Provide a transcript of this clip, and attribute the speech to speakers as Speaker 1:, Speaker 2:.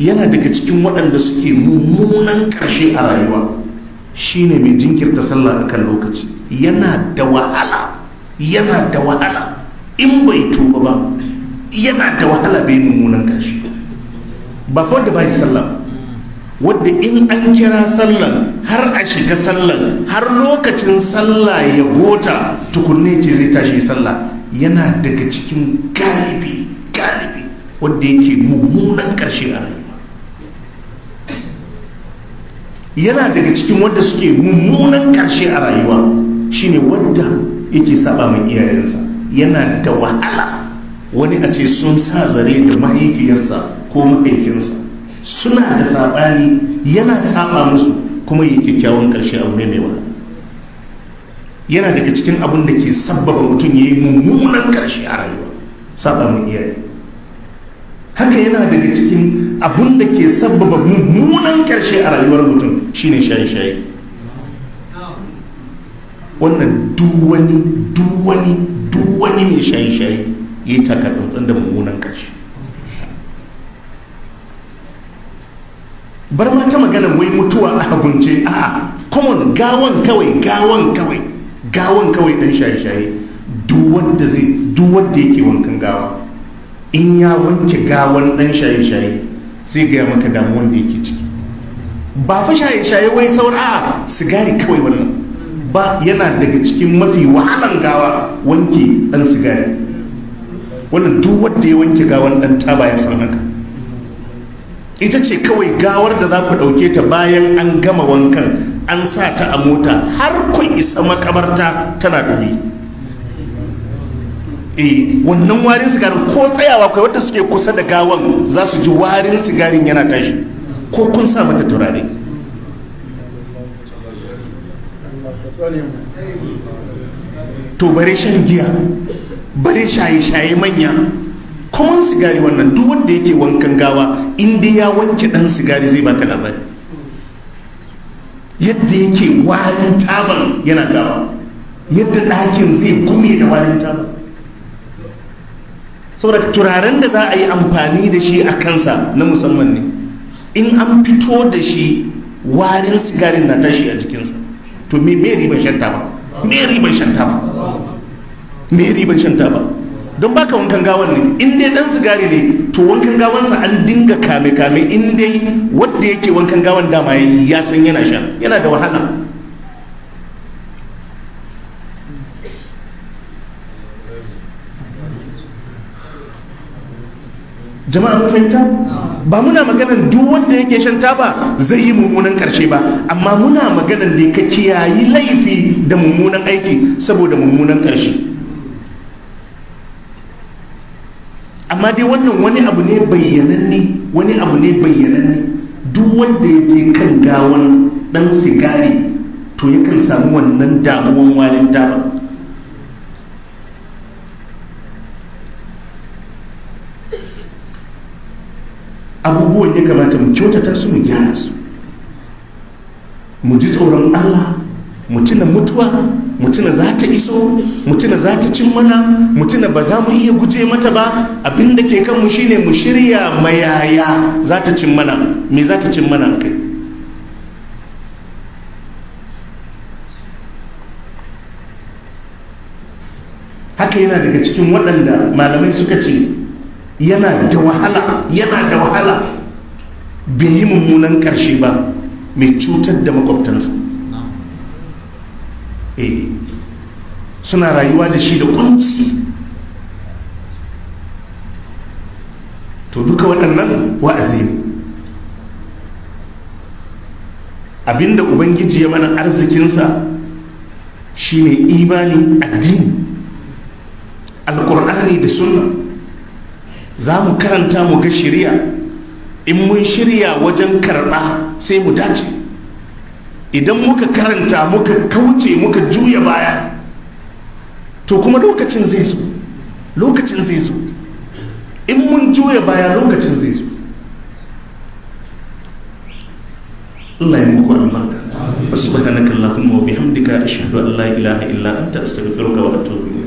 Speaker 1: yana daga cikin waɗanda suke mummunan ƙarshe a rayuwa shine mai jinkirta sallah akan lokaci yana da wahala yana da wahala in bai tuba ba yana da wahala bai mummunan ƙarshe ba fa da bai sallah wadda in an kira sallah, har a shiga sallah, har lokacin sallah ya gota tukunne ce zai tashi sallah yana daga cikin galibi galibi wadda yake mummunan ƙarshe a rayuwa yana daga cikin wanda suke mummunan karshe a rayuwa shine wanda yake saba mai iyayensa yana da wahala wani a ce sun sa zare da mahaifiyarsa ko mahaifinsa suna da saɓani yana saba musu kuma yi kyakkyawan karshe abu ne mai wahala yana daga cikin abin da ke sabbaba mutum ya yi mummunan karshe a rayuwa saba mai iyaye haka yana daga cikin abin da ke sabbaba mummunan karshe a rayuwar mutum shine shaye-shaye wannan duwani duwani duwani mai shaye-shaye ya yi takatsantsan da mummunan ƙarshe bar ma ta magana wai mutuwa a a a common gawon kawai gawon kawai gawon kawai dan shaye-shaye duwadda yake wankan gawa in ya wanke gawon dan shaye-shaye sai gaya maka damuwan da yake ciki ba fa shaye shaye wai sauran a sigari kawai wannan ba yana daga cikin mafi wahalan gawa wanke dan sigari wannan duk wanda ya wanke gawan dan taba ya san haka ita ce kawai gawar da za ku ɗauke ta bayan an gama wankan an sa ta a mota har ku isa makabarta tana ɗoyi e eh, wannan warin sigarin ko tsayawa kai wanda suke kusa da gawan za su ji warin sigarin yana tashi ko kun sa mata turare to bare shan giya bare shaye-shaye manya kuma sigari wannan duk wanda yake wankan gawa inda ya wanke dan sigari zai baka labari yadda yake warin taban yana gawa yadda ɗakin zai gume da warin taban saboda turaren da za a yi amfani da shi a kansa na musamman ne in an fito da shi warin sigarin na tashi a jikinsa to me riban shan taba me riban shan taba me riban shan taba don baka wankan gawan ne in dai dan sigari ne to wankan gawansa an dinga kame kame in dai wanda yake wankan gawan dama ya san yana sha yana da wahala jama'a mun fahimta ba muna maganan duk wanda yake shan taba zai yi mummunan karshe ba amma muna maganan da ka kiyayi laifi da mummunan aiki saboda mummunan karshe amma dai wannan wani abu ne bayyananne wani abu ne bayyananne duk wanda ya je kan gawan dan sigari to yakan samu wannan damuwan walin taba abubuwan ya kamata mu kyautata su mu gyara su mu ji tsoron allah mu tuna mutuwa mu tuna za ta iso mu tuna za ta cin mana mu tuna ba za mu iya guje mata ba abin da ke kanmu shine mu shirya mayaya za ta cin mana me za ta cin mana kai haka yana daga cikin waɗanda malamai suka ce yana da wahala yana da wahala bai yi mummunan ƙarshe ba mai cutar da makwabtansa eh suna rayuwa da shi da kunci to duka waɗannan wa'azi abinda ubangiji ya mana arzikinsa shine imani addini alƙur'ani da sunna za mu karanta mu ga shirya in mun shirya wajen karɓa sai mu dace idan muka karanta muka kauce muka juya baya to kuma lokacin zai zo lokacin zai zo in mun juya baya lokacin zai zo Allah ya muku albarka subhanakallahumma hamdika bihamdika ashhadu an la ilaha illa ta astaghfiruka wa atobi